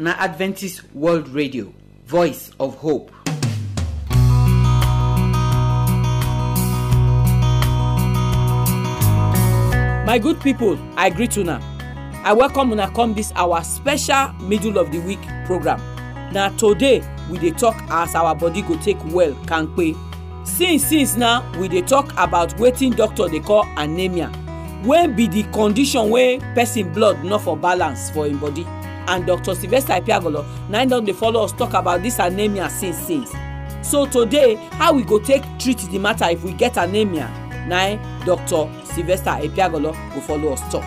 na adventist world radio voice of hope my good people i greet una i welcome una come this our special middle of the week program na today we dey talk as our body go take well kampe since since now we dey talk about wetin doctor dey call anemia wey be the condition wey person blood no for balance for im body and dr sylvester ipiagolo na im don dey follow us talk about this anemia since since so today how we go take treat the matter if we get anemia na dr sylvester ipiagolo go follow us talk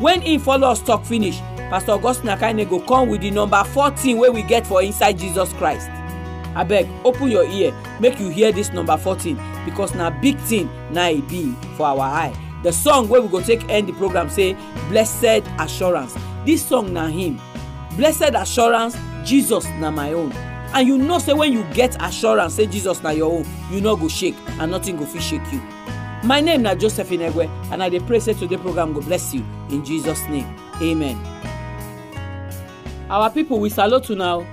when im follow us talk finish pastor augustine akane go come with the number fourteen wey we get for inside jesus christ abeg open your ear make you hear this number fourteen because na big thing na e be for our eye the song wey we go take end the program say blessed assurance This song na him blessed assurance jesus na my own and you know say when you get assurance say jesus na your own you no go shake and nothing go fit shake you my name na joseph inegwe and i dey pray say today program go bless you in jesus name amen. our people we salute una o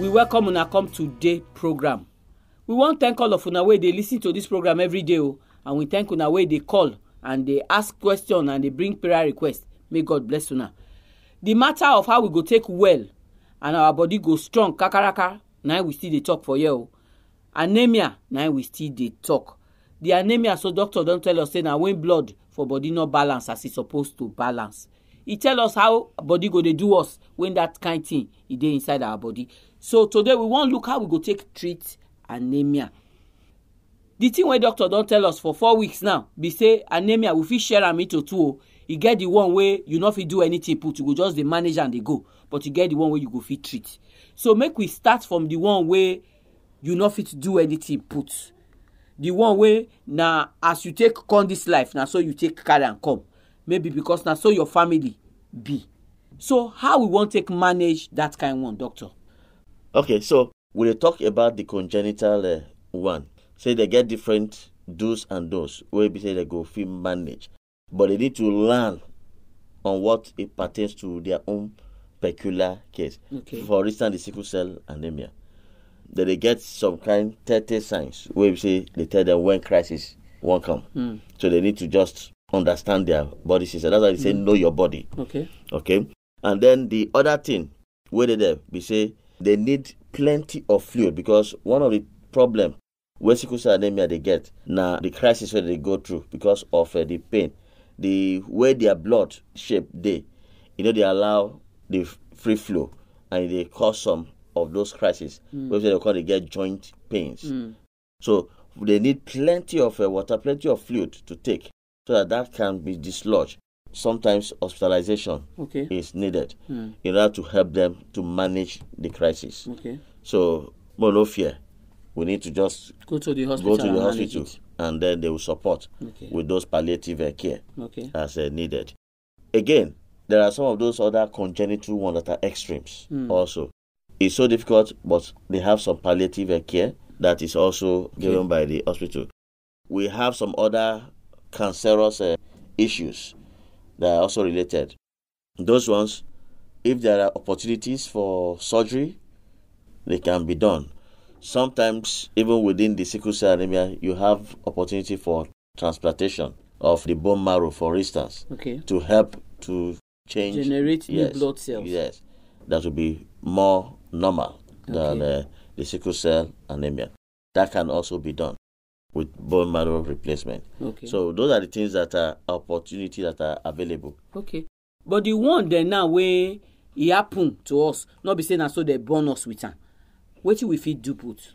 we welcome una come today program we wan thank all of una wey dey lis ten to this program every day o and we thank una wey dey call and dey ask question and dey bring prayer request may god bless una the matter of how we go take well and our body go strong kakaraka na we still dey talk for here o anemia na we still dey talk the anemia so doctor don tell us say na when blood for body no balance as e suppose to balance e tell us how body go dey do us when that kind thing e dey inside our body so today we wan look how we go take treat anemia the thing wey doctor don tell us for four weeks now be say anemia we fit share am into two o e get the one wey you no fit do anything put you go just dey manage and dey go but e get the one wey you go fit treat so make we start from the one wey you no fit do anything put the one wey na as you take come this life na so you take carry am come maybe because na so your family be so how we wan take manage that kind one doctor. okay so we dey talk about the congenital uh, one say they get different do's and don'ts wey be say they go fit manage but they need to learn on what it pertains to their own peculiar case. Okay. For instance, the sickle cell anemia. That they get some kind 30 signs where we say they tell them when crisis won't come. Mm. So they need to just understand their body system. That's why they say mm. know your body. Okay. Okay. And then the other thing, where they there, we say they need plenty of fluid because one of the problem where sickle cell anemia they get now the crisis where they go through because of uh, the pain the way their blood shape they, you know, they allow the free flow and they cause some of those crises. Mm. Which they call they get joint pains. Mm. So they need plenty of uh, water, plenty of fluid to take so that that can be dislodged. Sometimes hospitalization okay. is needed mm. in order to help them to manage the crisis. Okay. So, more no fear. We need to just go to the hospital. Go to the hospital and then they will support okay. with those palliative uh, care okay. as uh, needed. Again, there are some of those other congenital ones that are extremes mm. also. It's so difficult, but they have some palliative uh, care that is also given by the hospital. We have some other cancerous uh, issues that are also related. Those ones, if there are opportunities for surgery, they can be done. sometimes even within the sickle cell anemia you have opportunity for transplantation of the bone marrow for instance okay. to help to change generate yes, new blood cells yes that will be more normal than uh, the sickle cell anemia that can also be done with bone marrow replacement okay so those are the things that are opportunity that are available okay but the one then now wey it e happen to us not be saying na so they born us with am What we feed do put.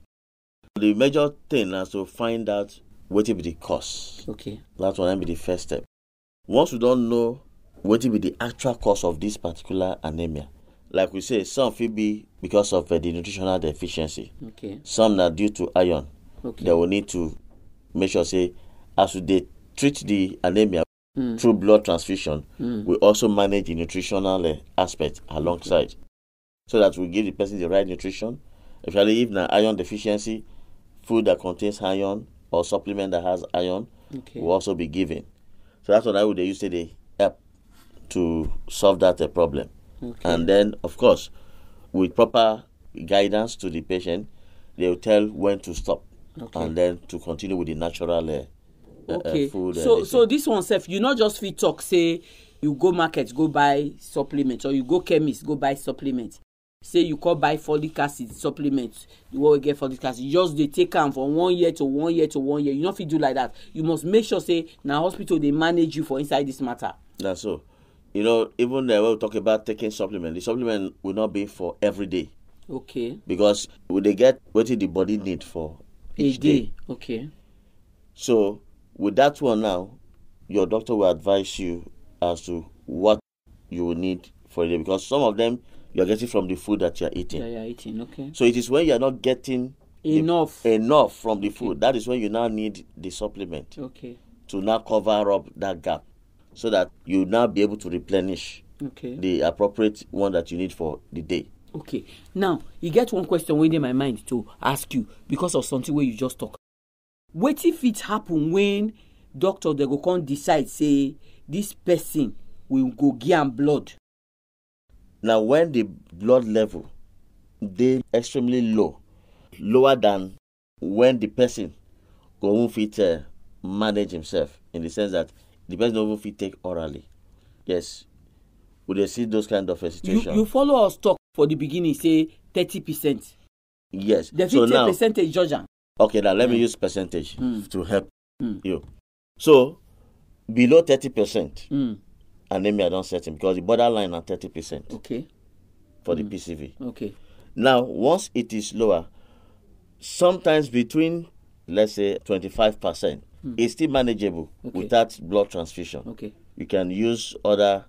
the major thing is to find out what will be the cause. okay that will be the first step once we don't know what will be the actual cause of this particular anemia like we say some will be because of uh, the nutritional deficiency okay. some are due to iron okay. They will need to make sure say as we treat the anemia mm. through blood transfusion mm. we also manage the nutritional uh, aspect alongside okay. so that we give the person the right nutrition especially if na iron deficiency food that contains iron or supplement that has iron okay. will also be given so that's what i would use today help to solve that uh, problem okay. and then of course with proper guidance to the patient they will tell when to stop okay. and then to continue with the natural uh, uh, uh okay. Uh, food. So so this one self, you not just fit talk say you go market go buy supplement or you go chemist go buy supplement. say you come buy folic acid supplement What we get folic acid just dey take am from one year to one year to one year you no fit do like that you must make sure say na hospital dey manage you for inside this matter. na so you know even uh, when we talk about taking supplement the supplement will not be for every day. okay. because we dey get wetin the body need for each day. day. okay. so with that one now your doctor will advise you as to what you will need for a day because some of them you are getting from the food that you are eating. Yeah, eating. Okay. So it is when you are not getting enough the, enough from the food that is when you now need the supplement. Okay. To now cover up that gap, so that you now be able to replenish. Okay. The appropriate one that you need for the day. Okay. Now you get one question within my mind to ask you because of something where you just talk. What if it happen when doctor they go come decide say this person will go get blood Now, when the blood level they extremely low, lower than when the person go home. fit uh, manage himself in the sense that the person go don't fit take orally. Yes, we dey see those kind of a eh, situation. You, you follow us talk for the beginning say thirty percent. Yes. the fit so now, percentage judge Okay, now let mm. me hmm. use percentage mm. to help mm. you. So below thirty percent. Mm. anemia don't set him because the borderline are 30%. Okay. For mm. the hmm. PCV. Okay. Now, once it is lower, sometimes between, let's say, 25%, mm. it's still manageable okay. without blood transfusion. Okay. You can use other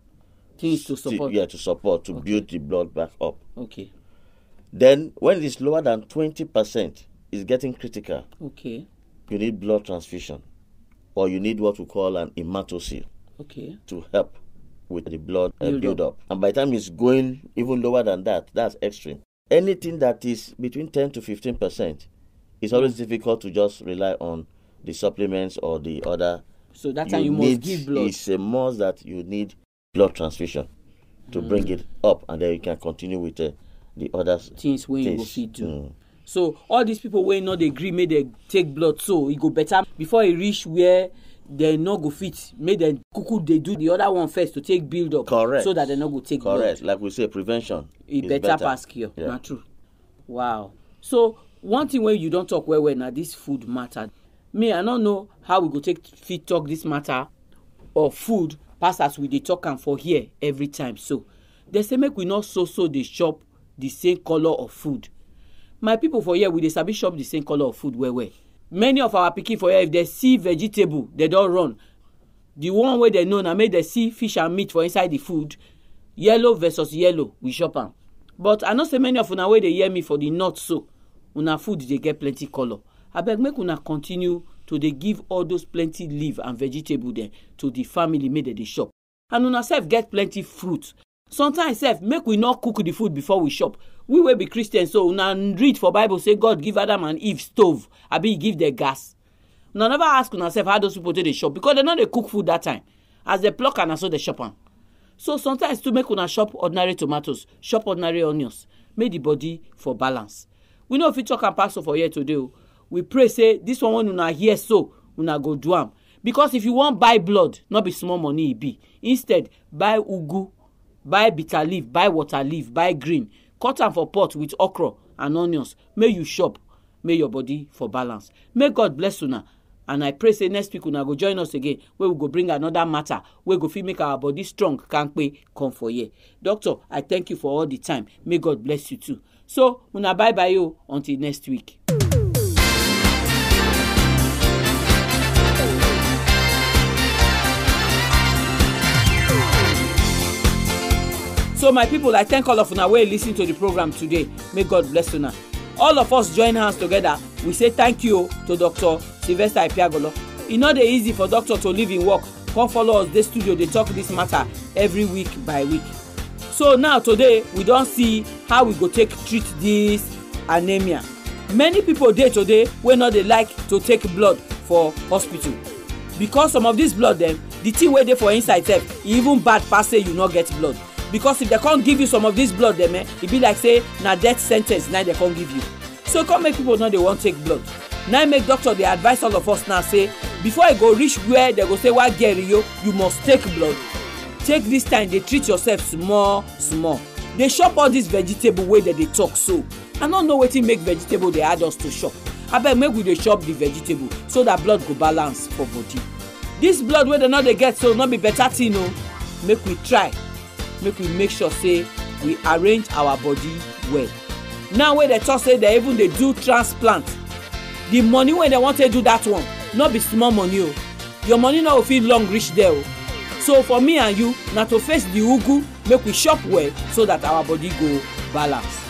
things to support. To, yeah, to support, to okay. build the blood back up. Okay. Then, when it is lower than 20%, it's getting critical. Okay. You need blood transfusion or you need what we call an hematocyte okay. to help with the blood uh, build, build up. up. And by the time it's going even lower than that, that's extreme. Anything that is between 10 to 15 percent, it's always difficult to just rely on the supplements or the other. So that's how you must give blood. It's a must that you need blood transfusion to mm. bring it up, and then you can continue with uh, the other things when you go feed to. Mm. So all these people when not agree, may they take blood so it go better before it reach where dem no go fit make dem kuku dey do the other one first to take build up correct so that dem no go take correct. blood correct like we say prevention e better, better pass cure yeah. na true wow so one thing wey you don talk well well na this food matter me i no know how we go take fit talk this matter of food pass as we dey talk am for here every time so dey say make we no so so dey chop the same colour of food my people for here we dey sabi chop the same colour of food well well many of our pikin for here if dem see vegetable dem don run the one wey dem know na make dem see fish and meat for inside the food yellow versus yellow we chop am but i know say many of una wey dey hear me for the north so una food dey get plenty colour abeg make una continue to dey give all those plenty leaf and vegetable dem to the family make dem dey chop and una sef get plenty fruit sometimes sef make we no cook the food before we chop we wey be christian so una read for bible say god give adam and eve stove abi he give dem gas una never ask una sef how those people take dey chop because dem no dey cook food that time as dem pluck am na so dem chop am so sometimes too make una chop ordinary tomatoes chop ordinary onions make the body for balance we no fit talk am pass so for here today o oh. we pray say this one wey una hear so una go do am because if you wan buy blood no be small money e be instead buy ugu buy bitter leaf buy water leaf buy green cut am for pot with okra and onions May you chop may your body for balance may god bless una and i pray say next week una go join us again wey we go bring another matter wey go fit make our body strong kampe come for here doctor i thank you for all the time may god bless you too so una bye bye o oh, until next week. so my people i thank all of una wey lis ten to the program today may god bless una all of us join hands together we say thank you oh, to dr sylvester ipiagolo e no dey easy for doctor to leave im work come follow us dey studio dey talk this matter every week by week so now today we don see how we go take treat this anemia many people dey today wey no dey like to take blood for hospital because some of this blood dem the thing wey dey for inside sef e even bad pass say you no get blood because if they come give you some of this blood dem eh e be like say na death sen ten ce na dem come give you so come make people no dey wan take blood na make doctor dey advise all of us now say before e go reach where dem go say wa get you? you must take blood take this time dey treat yourself small small dey chop all this vegetable wey dem dey talk so i no know wetin make vegetable dey add us to chop abeg make we dey chop the vegetable so that blood go balance for body this blood wey dem no dey get so no be better thing o oh. make we try make we make sure say we arrange our body well now wey dem talk say dem even dey do transplant the money wey dem wan take do that one no be small money o your money no go fit long reach there o so for me and you na to face the ugu make we chop well so that our body go balance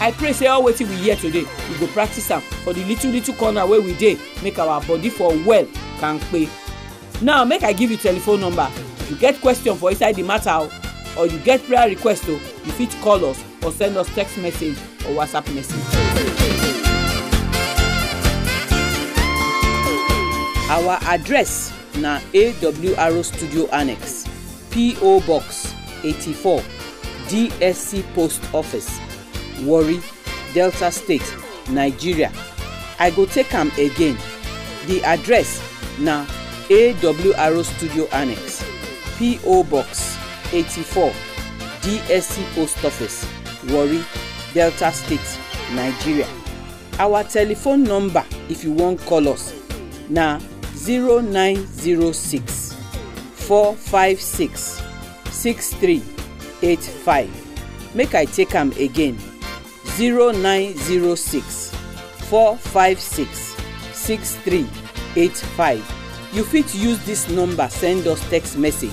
i pray say all wetin we hear today we go practice am for the little little corner wey we dey make our body for well kampe now make i give you telephone number if you get question for inside the matter o or you get prayer request o oh, you fit call us or send us text message or whatsapp message. our address na awro studio annex po box eighty-four dsc post office warri delta state nigeria i go take am again the address na awro studio annex po box 84 DSC Post Office, Warri, Delta State, Nigeria. Our telephone number if you wan call us na 0906 456 6385. Make I take am again 0906 456 6385. You fit use this number send us text message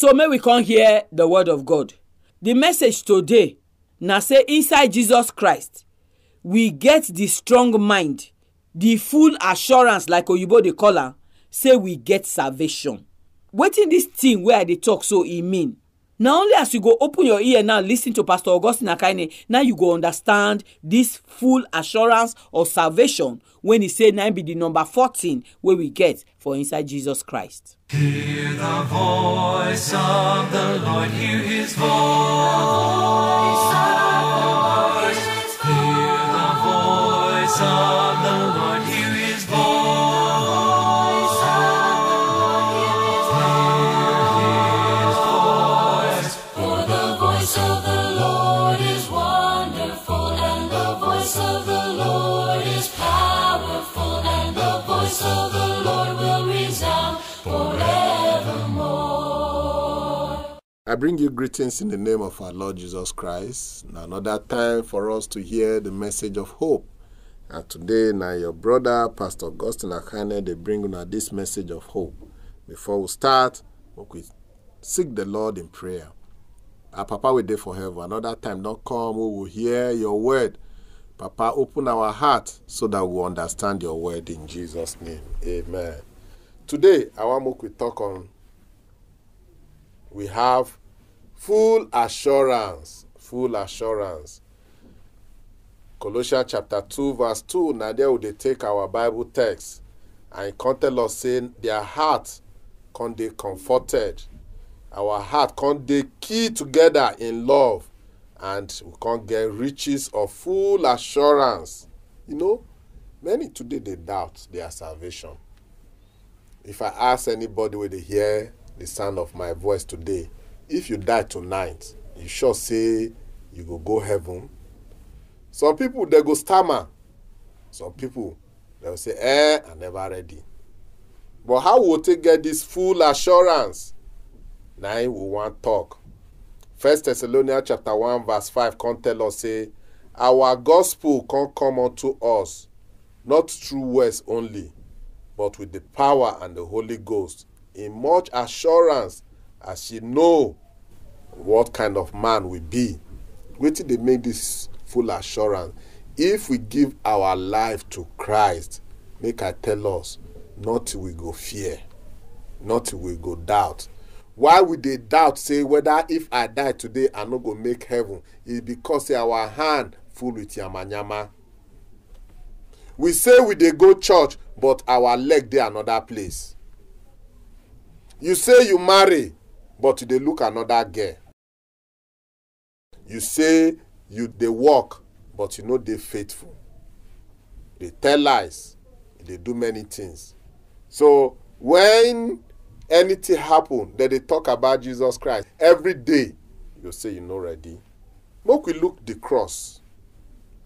so may we come hear the word of god the message today now say inside jesus christ we get the strong mind the full assurance like oyibo dey call am say we get salvation What in this thing where they talk so e mean Now only as you go open your ear now listen to pastor augustine Akane. now you go understand this full assurance of salvation when he said, "Now be the number 14 where we get for inside jesus christ. hear the voice of the lord hear his voice. Hear the voice of the bring you greetings in the name of our Lord Jesus Christ. Now, another time for us to hear the message of hope. And today, now your brother, Pastor Augustine Akane, they bring now this message of hope. Before we start, we seek the Lord in prayer. Our Papa, we there for heaven. Another time, not come, we will hear your word. Papa, open our heart so that we understand your word in Jesus' name. Amen. Today, I want to talk on we have full assurance full assurance colossians chapter two verse two. na there we dey take our bible text and e come tell us say their heart come dey comforted our heart come dey key together in love and we come get riches of full assurance you know many today dey doubt their salvation if i ask anybody wey dey hear the sound of my voice today if you die tonight you sure say you go go heaven some people dey go stammer some people dey say eh i never ready but how we take get this full assurance na im we wan talk first thessalonians chapter one verse five come tell us say our gospel come come unto us not through words only but with the power and the holy ghost in much assurance as she know what kind of man we be wetin dey make this full assurance if we give our life to christ make i tell us nothing we go fear nothing we go doubt why we dey doubt say whether if i die today i no go make heaven Is e because say our hand full with yamayama we say we dey go church but our leg dey another place you say you marry but you dey look another girl you say you dey work but you no dey faithful you dey tell lies you dey do many things so when anything happen dem dey talk about jesus christ every day you say you no ready make we look the cross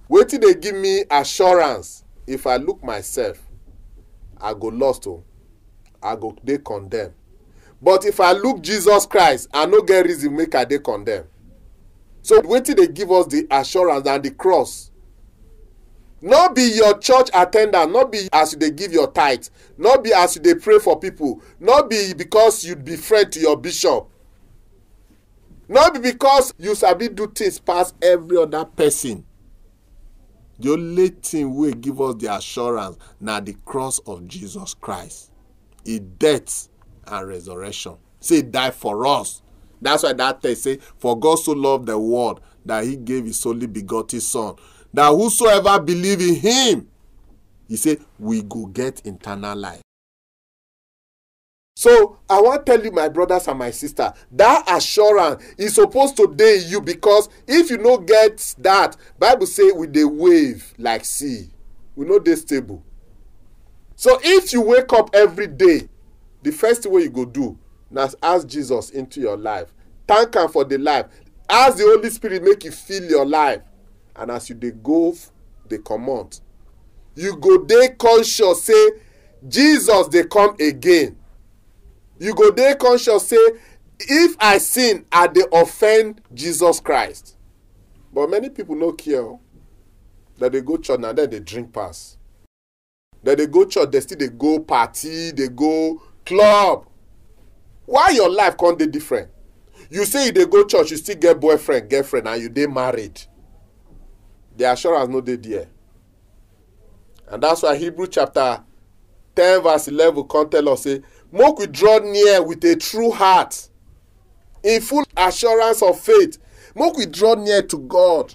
wetin dey give me assurance if i look myself i go lost o oh. i go dey condemned but if i look jesus christ i no get reason make i dey condemn so wetin dey give us the assurance and the cross no be your church attendant no be as you dey give your tithe no be as you dey pray for people no be because you be friend to your bishop no be because you sabi do things pass every other person the only thing wey give us the assurance na the cross of jesus christ e death and resurrection. Say, die for us. That's why that text say, For God so loved the world that he gave his only begotten son. That whosoever believe in him, he said, we go get eternal life. So I want to tell you, my brothers and my sister, that assurance is supposed to day you because if you no get that, Bible say with the wave like sea, we know they stable. So if you wake up every day the first way you go do na ask jesus into your life thank am for the life ask the holy spirit make e fill your life and as you dey go dey comot you go dey conscious say jesus dey come again you go dey conscious say if i sin i dey offend jesus christ but many people no care o oh. dem dey go church na dem dey drink pass dem dey go church dem still dey go party dey go club why your life can't be different you say you dey go church you still get boyfriend girlfriend and you dey married the assurance no dey there and that's why hebrew chapter ten verse eleven come tell us say make we draw near with a true heart in full assurance of faith make we draw near to god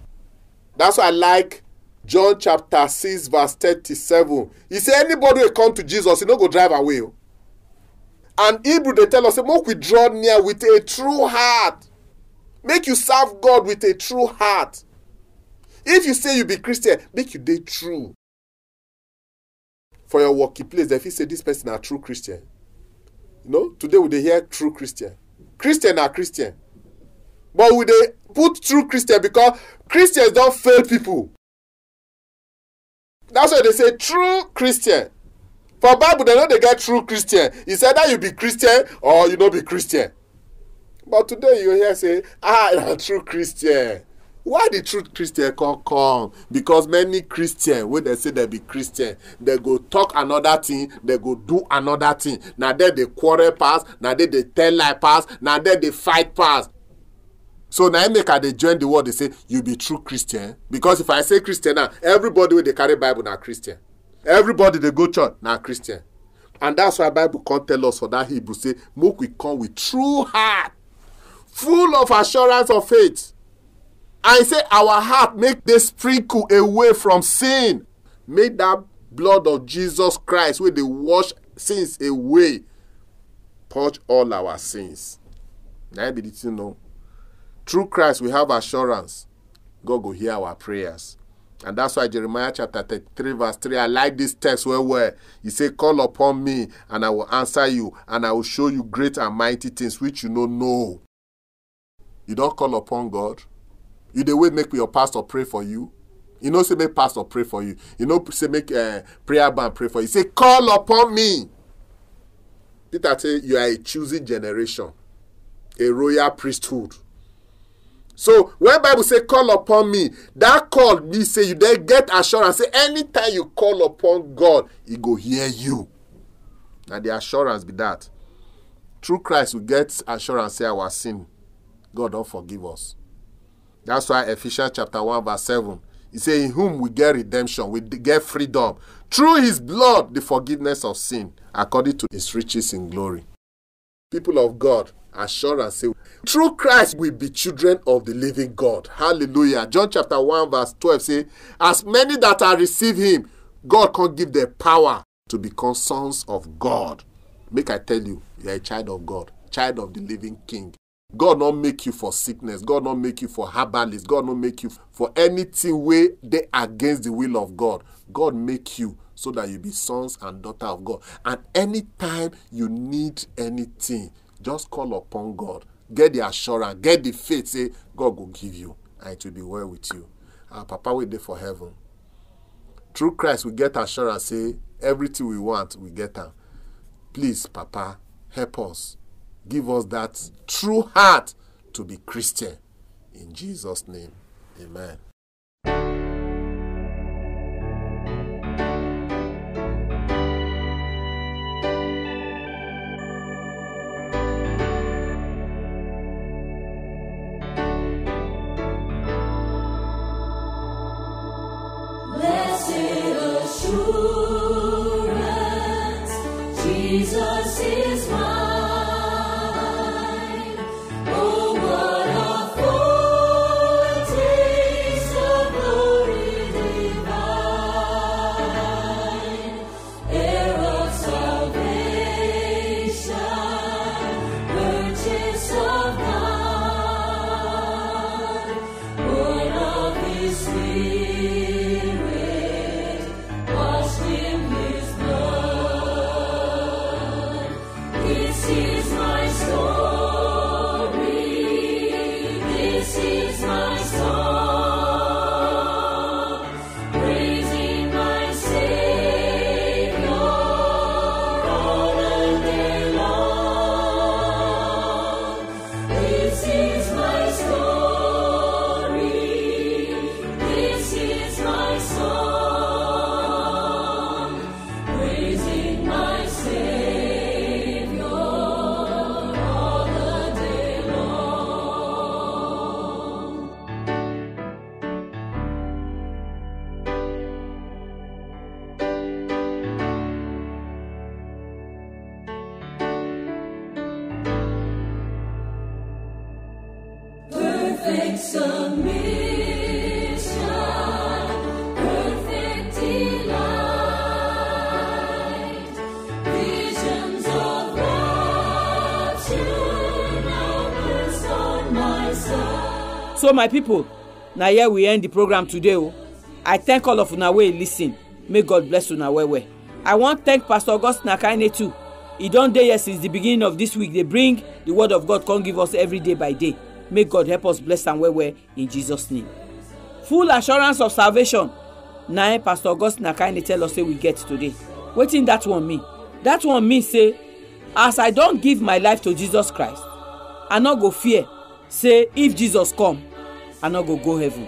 that's why i like john chapter six verse thirty-seven he say anybody will come to jesus he no go drive away and Hebrew, they tell us, say, make we draw near with a true heart. Make you serve God with a true heart. If you say you be Christian, make you dey true. For your working place, if you say this person are true Christian. You know, today we they hear true Christian. Christian are Christian. But we they put true Christian because Christians don't fail people. That's why they say true Christian. for bible dem no dey get true christian e say either you be christian or you no be christian but today you hear say ah na true christian why the true christian come come because many christian wey dem say dem be christian dem go talk another thing dem go do another thing na there dey quarrel pass na there dey tell lie pass na there dey fight pass so na im make i dey join the word dey say you be true christian because if i say christian now everybody wey dey carry bible na christian everybody dey go church na christian and that's why bible come tell us for that hebrew say make we come with true heart full of assurance of faith and say our heart make dey sprinkle away from sin make that blood of jesus christ wey dey wash sins away purge all our sins na be the thing o through christ we have assurance god go hear our prayers And that's why Jeremiah chapter 33, verse 3, I like this text where well. He said, Call upon me, and I will answer you, and I will show you great and mighty things which you don't know. You don't call upon God. You the way make your pastor pray for you. You know, say make pastor pray for you. You know, say make uh, prayer band pray for you. Say, call upon me. Peter say you are a choosing generation, a royal priesthood. So when Bible say call upon me, that call me say you then get assurance. Say anytime you call upon God, He go hear you. Now the assurance be that through Christ we get assurance say our sin, God don't forgive us. That's why Ephesians chapter one verse seven. He say in whom we get redemption, we get freedom through His blood, the forgiveness of sin according to His riches in glory. People of God, assurance say through christ we be children of the living god hallelujah john chapter 1 verse 12 say as many that are receive him god can give them power to become sons of god make i tell you you are a child of god child of the living king god no make you for sickness god no make you for herbalist god no make you for anything way they against the will of god god make you so that you be sons and daughter of god and anytime you need anything just call upon God. Get the assurance. Get the faith. Say, God will give you, and it will be well with you. Our Papa will there for heaven. Through Christ, we get assurance. Say, everything we want, we get them. Please, Papa, help us. Give us that true heart to be Christian. In Jesus' name, amen. so my people na here we end the program today o oh. i thank all of una wey lis ten may god bless una well well i wan thank pastor augustine akane too e don dey here since the beginning of this week dey bring the word of god come give us every day by day may god help us bless am well well in jesus name full assurance of Salvation na pastor augustine akane tell us say we get today wetin that one mean that one mean say as i don give my life to jesus christ i no go fear say if jesus come i no go go heaven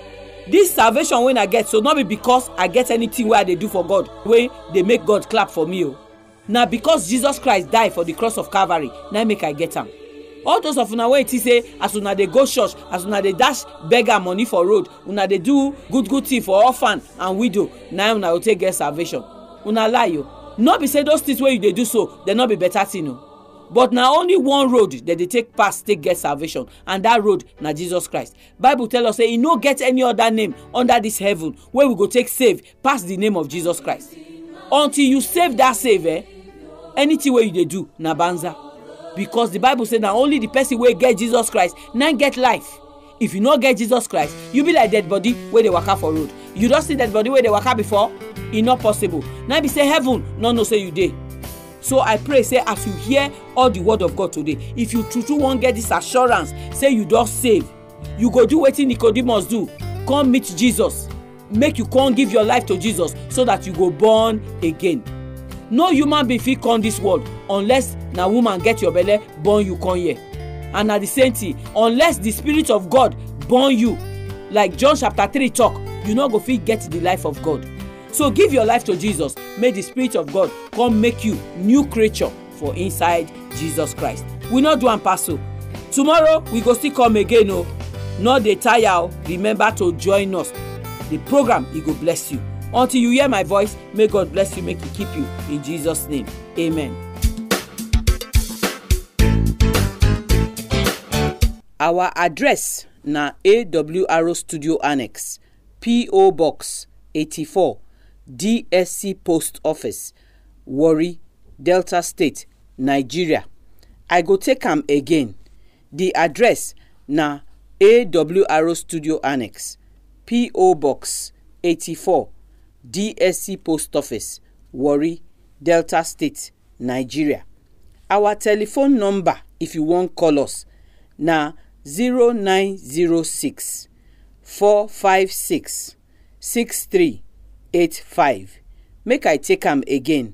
this salvation wey i get so no be because i get anything wey i dey do for god wey dey make god clap for me o na because jesus christ die for the cross of calvary na make i get am all those of una wey think say as una dey go church as una dey dash beggar money for road una dey do good good thing for orphan and widow na una go take get salvation una lie o no be say those things wey you dey do so dem no be better thing o but na only one road dem dey take pass take get salvation and that road na jesus christ bible tell us say e no get any other name under this heaven wey we go take save pass the name of jesus christ until you save that save eh anything wey you dey do na banza because the bible say na only the person wey get jesus christ na get life if you no get jesus christ you be like dead body wey dey waka for road you don see dead body wey dey waka before e no possible na be say heaven no know say you dey so i pray say as you hear all the word of god today if you true true wan get this assurance say you don save you go do wetin nicodemus do come meet jesus make you come give your life to jesus so that you go born again no human being fit come this world unless na woman get your belle born you come here and na the same thing unless the spirit of god born you like john chapter three talk you no go fit get the life of god so give your life to jesus may the spirit of god come make you new creature for inside jesus christ we no do am pass tomorrow we go still come again oh. Not the tire remember to join us the program it e go bless you until you hear my voice may god bless you make he keep you in jesus name amen. our address na awro studio annex po box eighty-four DSC Post Office, Warri, Delta State, Nigeria. I go take am again. The address na AWRO Studio Annex, PO Box 84, DSC Post Office, Warri, Delta State, Nigeria. Our telephone number if you wan call us na zero zero nine six four five six six three. Eight five, make i take am again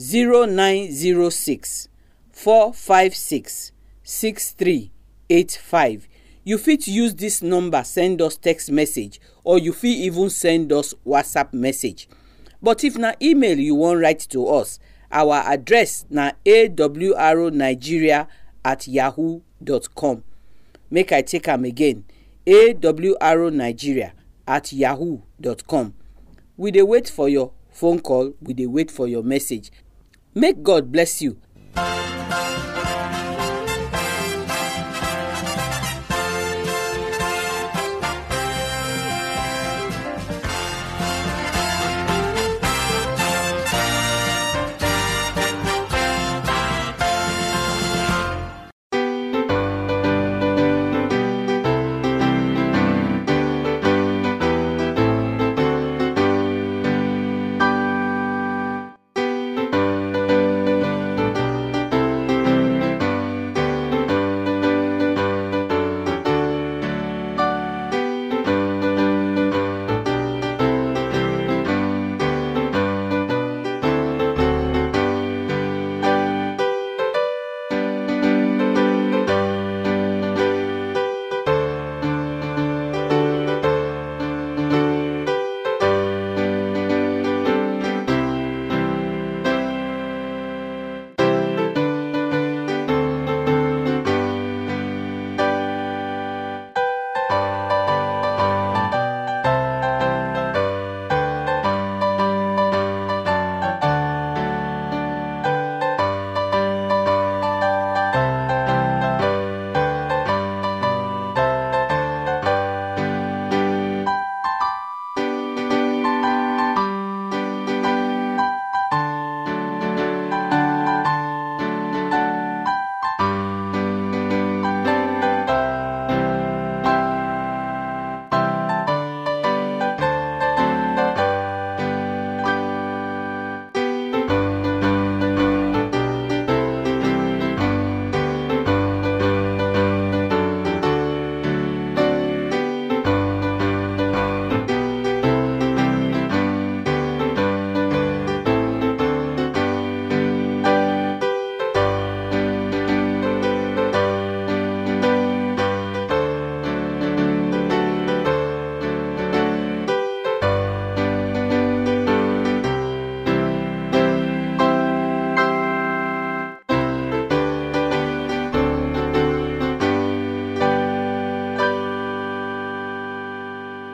zero zero nine six six six four five three eight five. you fit use this number send us text message or you fit even send us whatsapp message but if na email you wan write to us our address na awrnigeria at yahoo dot com make i take am again awrnigeria at yahoo dot com we dey wait for your phone call we dey wait for your message make god bless you.